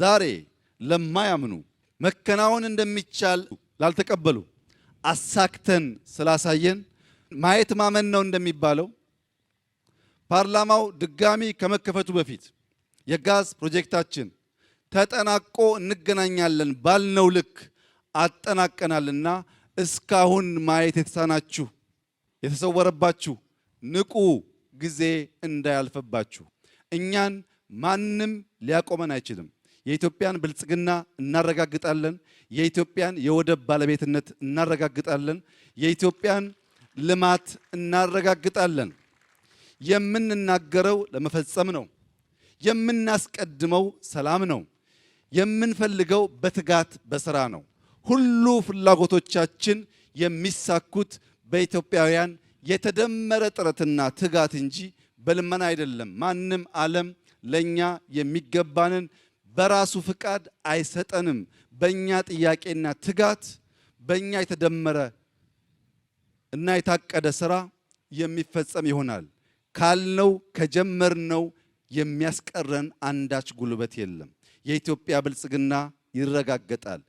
ዛሬ ለማያምኑ መከናወን እንደሚቻል ላልተቀበሉ አሳክተን ስላሳየን ማየት ማመን ነው እንደሚባለው ፓርላማው ድጋሚ ከመከፈቱ በፊት የጋዝ ፕሮጀክታችን ተጠናቆ እንገናኛለን ባልነው ልክ አጠናቀናልና እስካሁን ማየት የተሳናችሁ የተሰወረባችሁ ንቁ፣ ጊዜ እንዳያልፈባችሁ። እኛን ማንም ሊያቆመን አይችልም። የኢትዮጵያን ብልጽግና እናረጋግጣለን። የኢትዮጵያን የወደብ ባለቤትነት እናረጋግጣለን። የኢትዮጵያን ልማት እናረጋግጣለን። የምንናገረው ለመፈጸም ነው። የምናስቀድመው ሰላም ነው። የምንፈልገው በትጋት በስራ ነው። ሁሉ ፍላጎቶቻችን የሚሳኩት በኢትዮጵያውያን የተደመረ ጥረትና ትጋት እንጂ በልመና አይደለም። ማንም ዓለም ለኛ የሚገባንን በራሱ ፍቃድ አይሰጠንም። በእኛ ጥያቄና ትጋት፣ በእኛ የተደመረ እና የታቀደ ስራ የሚፈጸም ይሆናል። ካልነው ከጀመርነው የሚያስቀረን አንዳች ጉልበት የለም። የኢትዮጵያ ብልጽግና ይረጋገጣል።